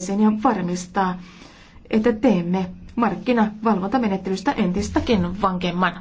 sen ja varmistaa, että teemme markkinavalvontamenettelystä entistäkin vankemman.